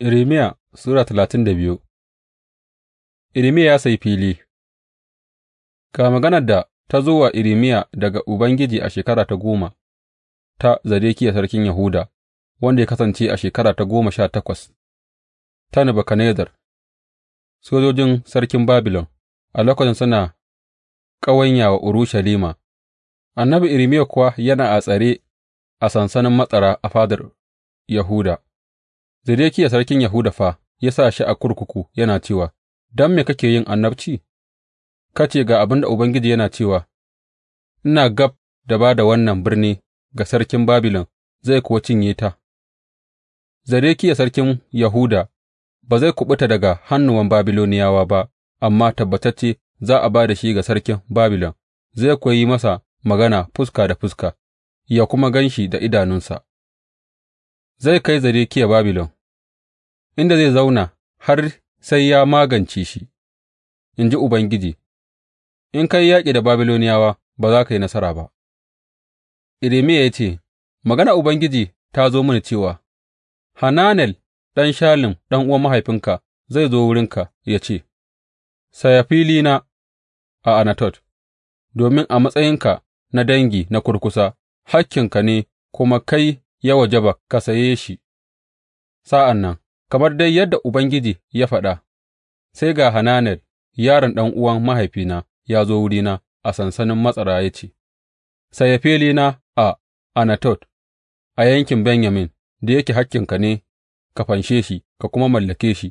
Irimiya Sura talatin da biyu Irimiya ya sayi fili Ga maganar da ta zo wa Irimiya daga Ubangiji a shekara ta goma ta Zadekiya sarkin Yahuda, wanda ya kasance a shekara ta goma sha takwas ta Nebuchadnezzar, sojojin sarkin Babilon, a lokacin suna ƙawanya wa Urushalima, annabi Irimiya kuwa yana a tsare a sansanin matsara a fadar Yahuda. Zedekiya sarkin Yahuda fa ya sa shi a kurkuku yana cewa, Don me kake yin annabci? Ka ce ga abin da Ubangiji yana cewa, Ina gab da ba da wannan birni ga sarkin Babilon zai kuwa cinye ta. Zedekiya sarkin Yahuda ba zai kuɓuta daga hannuwan Babiloniyawa ba, amma tabbatacce za a ba da shi ga sarkin Babilon, zai kuwa yi masa magana fuska da fuska, ya kuma gan shi da idanunsa. Zai kai Zedekiya Babilon. inda zai zauna har sai ya magance shi, in ji Ubangiji, in ka yi yaƙi da Babiloniyawa ba za ka yi nasara ba. Irimiya ya ce, magana Ubangiji ta zo mini cewa, Hananel ɗan Shalim ɗan'uwan mahaifinka zai zo wurinka ya ce, Saya na. a Anatot, domin a matsayinka na dangi na kurkusa, hakkinka ne kuma kai ya wajaba ka saye shi, sa'an nan Kamar dai yadda Ubangiji ya faɗa, sai ga Hananel, yaron ɗan'uwan mahaifina, ya zo wurina a sansanin matsara ya ce, Saye filina a Anatot, a yankin Benyamin, da yake hakkinka ne ka fanshe shi ka kuma mallake shi,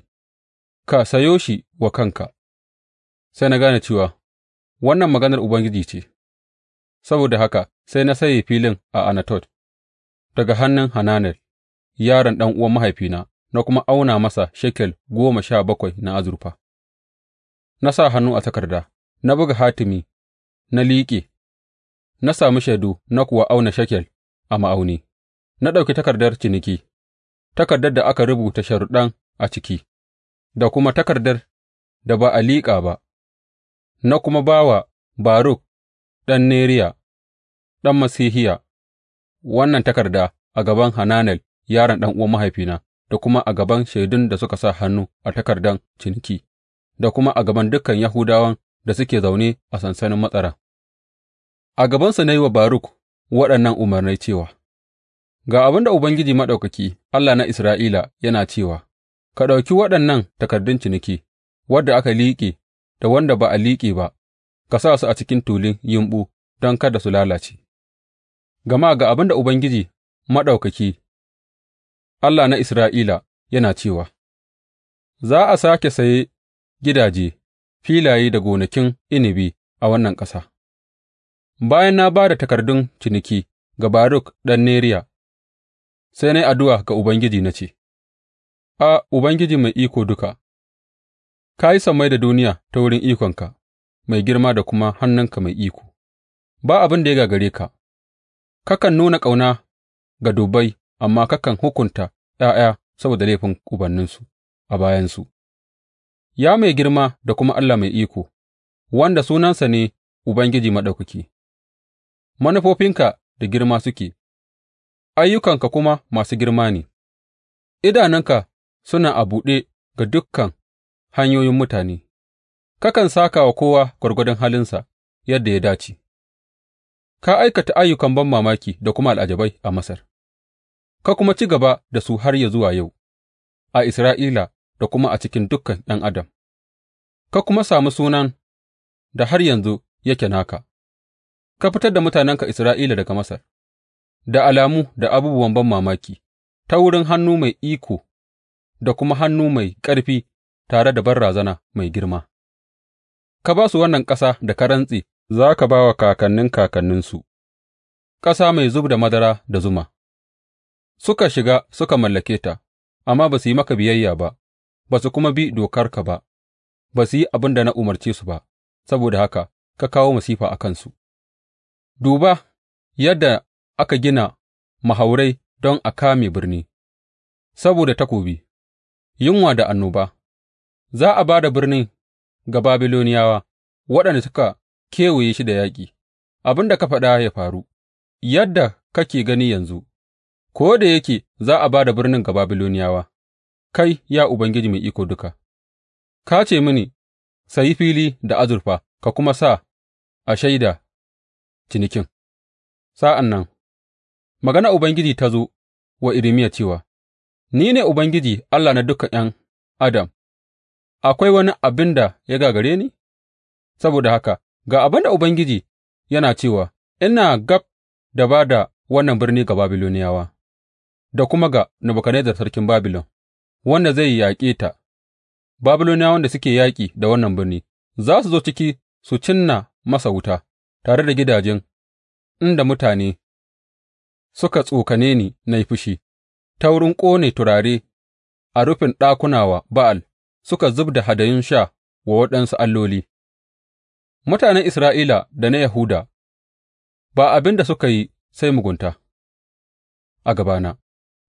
ka sayo shi wa kanka. Sai na gane cewa wannan maganar Ubangiji ce, saboda haka sai na saye filin a Anatot daga hannun Hananel, yaron ɗan'uwan mahaifina. na kuma auna masa shekel goma sha bakwai na azurfa, na sa hannu a takarda, na buga hatimi, na liƙe, na sami shaidu na kuwa auna shekel a ma'auni, na ɗauki takardar ciniki, takardar da aka rubuta sharuɗan a ciki, da kuma takardar da ba a liƙa ba, na kuma ba wa Baruk ɗan Neriya, ɗan Masihiya, wannan takarda a gaban Hananel yaron ɗan'uwan mahaifina. da kuma a gaban shaidun da suka sa hannu a takardan ciniki, da kuma a gaban dukan Yahudawan da suke zaune a sansanin matsara. A gabansa na yi wa Baruk waɗannan umarnai cewa, Ga abin da Ubangiji Maɗaukaki, Allah na Isra'ila, yana cewa, Ka ɗauki waɗannan takardun ciniki, wadda aka liƙe da wanda ba a liƙe ba, ka sa su a cikin tulin yumɓu don kada su lalace. Gama ga abin da Ubangiji Maɗaukaki Allah na Isra'ila, yana cewa, Za a sake saye gidaje, filaye da gonakin inibi a wannan ƙasa, bayan na ba da takardun ciniki ga Baruk ɗan Neriya, sai na yi addu'a ga Ubangiji na ce, A Ubangiji mai iko duka, ka yi sammai da duniya ta wurin ikonka mai girma da kuma hannunka mai iko, ba abin da ya gagare ka, kakan nuna ƙauna ga dubbai, amma kakan hukunta ’ya'ya saboda laifin ubanninsu a bayansu, Ya mai girma da kuma Allah mai iko, wanda sunansa ne Ubangiji Maɗaukaki, manufofinka da girma suke, ayyukanka kuma masu girma ne, idanunka suna a buɗe ga dukkan hanyoyin mutane, kakan saka wa kowa gwargwadon halinsa yadda ya dace, ka aikata ayyukan ban mamaki da kuma al'ajabai a Masar. ka kuma ci gaba da su har yă zuwa yau a Isra'ila da kuma a cikin dukan ’yan adam, ka kuma sami sunan da har yanzu yake naka, ka fitar da mutanenka Isra'ila daga Masar, da alamu da abubuwan ban mamaki, ta wurin hannu mai iko da kuma hannu mai ƙarfi tare da barrazana mai girma. Ka ba su wannan ƙasa da ka rantse za ka ba wa kakannin kakanninsu, ƙasa mai zub da madara da zuma. suka shiga suka mallake ta, amma ba su yi maka biyayya ba, ba su kuma bi dokarka ba, ba su yi abin da na umarce su ba, saboda haka ka kawo masifa a kansu. Duba yadda aka gina mahaurai don a kame birni, saboda takobi, yunwa da annoba, za a ba da birnin ga Babiloniyawa waɗanda suka kewaye shi da yaƙi, abin da ka faɗa ya faru, yadda kake gani yanzu. ko da yake za a ba da birnin ga Babiloniyawa, kai, ya Ubangiji Mai Iko Duka, ka ce mini, sayi fili da azurfa ka kuma sa a shaida cinikin. Sa'an nan, magana Ubangiji ta zo wa Irimiya cewa, Ni ne Ubangiji Allah na dukan ’yan Adam, akwai wani abin da ya gagare ni? Saboda haka, ga abin da Ubangiji yana cewa, Ina gab da ba da wannan birni ga Babiloniyawa. da kuma ga Nebukadnezzar sarkin Babilon, wanda zai yaƙe ta, Babiloniyawan da suke yaƙi da wannan birni za su zo ciki su cinna masa wuta tare da gidajen inda mutane suka tsokane ni na yi fushi, ta wurin ƙone turare a rufin ɗakuna Ba'al suka zub da hadayun sha wa waɗansu alloli. Mutanen Isra'ila da na Yahuda ba abin da suka yi sai mugunta a gabana,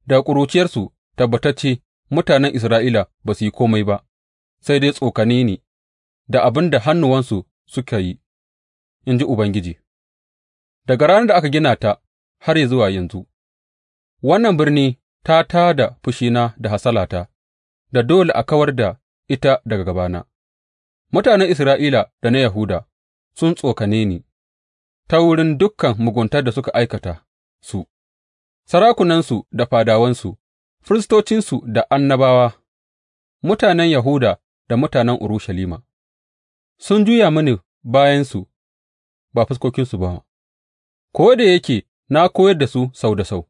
Daga ƙuruciyarsu tabbatacce mutanen Isra'ila ba su yi kome ba sai dai tsokane ni da abin da hannuwansu suka yi, in ji Ubangiji, daga ranar da aka gina ta har zuwa yanzu, wannan birni ta tā da fushina da hasalata, da dole a kawar da ita daga gabana. Mutanen Isra'ila da na Yahuda sun tsokane ni ta wurin dukan muguntar da suka aikata su. sarakunansu da fadawansu, firistocinsu da annabawa, mutanen Yahuda da mutanen Urushalima, sun juya mini bayansu ba fuskokinsu ba, ko da yake na koyar da su sau da sau,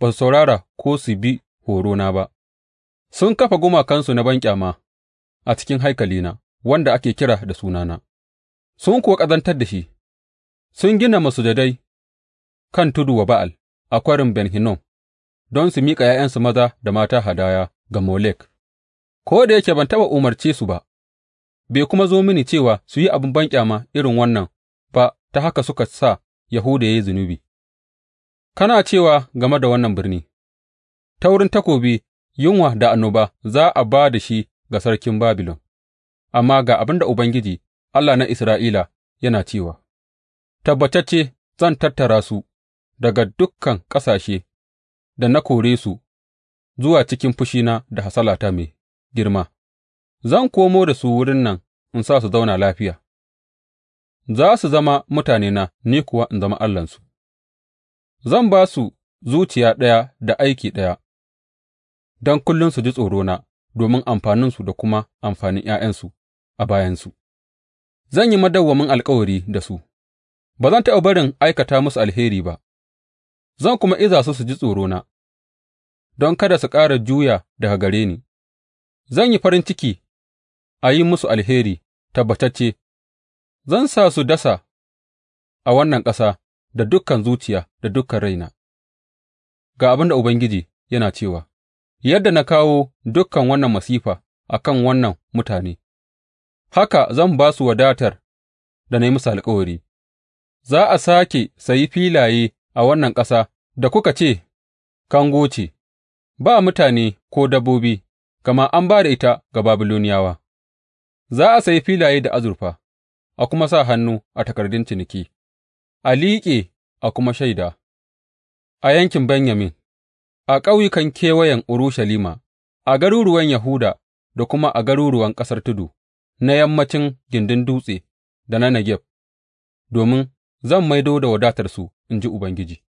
ba su saurara ko su bi horona ba, sun kafa gumakansu na banƙyama a cikin haikalina wanda ake kira da sunana, sun kuwa ƙazantar da shi, sun gina masujadai kan tudu wa Ba'al. a Kwarin Ben Hinnom don su miƙa ’ya'yansu maza da mata hadaya ga Molek, ko da yake ban taɓa umarce su ba, bai kuma zo mini cewa su yi abin banƙyama irin wannan ba, ta haka suka sa Yahuda ya yi zunubi. Kana cewa game da wannan birni, ta wurin takobi, yunwa da annoba za a ba da shi ga sarkin Babilon, amma ga abin da Ubangiji, Allah na Isra'ila, yana cewa, Tabbatacce zan tattara su daga dukan ƙasashe da na kore su zuwa cikin fushina da hasalata mai girma, zan komo da su wurin nan in sa su zauna lafiya, za su zama mutanena ni kuwa in zama Allahnsu, zan ba su zuciya ɗaya da aiki ɗaya, don kullum su ji tsorona domin amfaninsu da kuma amfanin ’ya'yansu a bayansu. Zan yi madawwamin alkawari da su, ba zan taɓa barin aikata musu alheri ba. zan kuma iza su su ji tsorona, don kada su ƙara juya daga gare ni, zan yi farin ciki a yi musu alheri tabbatacce, zan sa su dasa a wannan ƙasa da dukkan zuciya da dukkan raina. Ga abin da Ubangiji yana cewa, Yadda na kawo dukkan wannan masifa a kan wannan mutane, haka zan ba su wadatar da na yi musu alkawari, za a sake sayi filaye a wannan ƙasa da kuka ce, Kango ce, ba mutane ko dabbobi, gama an ba da ita ga Babiloniyawa, za a sayi filaye da azurfa, a kuma sa hannu a takardun ciniki, a liƙe a kuma shaida, a yankin Benyamin, a ƙauyukan kewayen Urushalima, a garuruwan Yahuda da kuma a garuruwan ƙasar tudu, na yammacin gindin dutse da na Negeb, domin zan maido da wadatarsu in ji Ubangiji.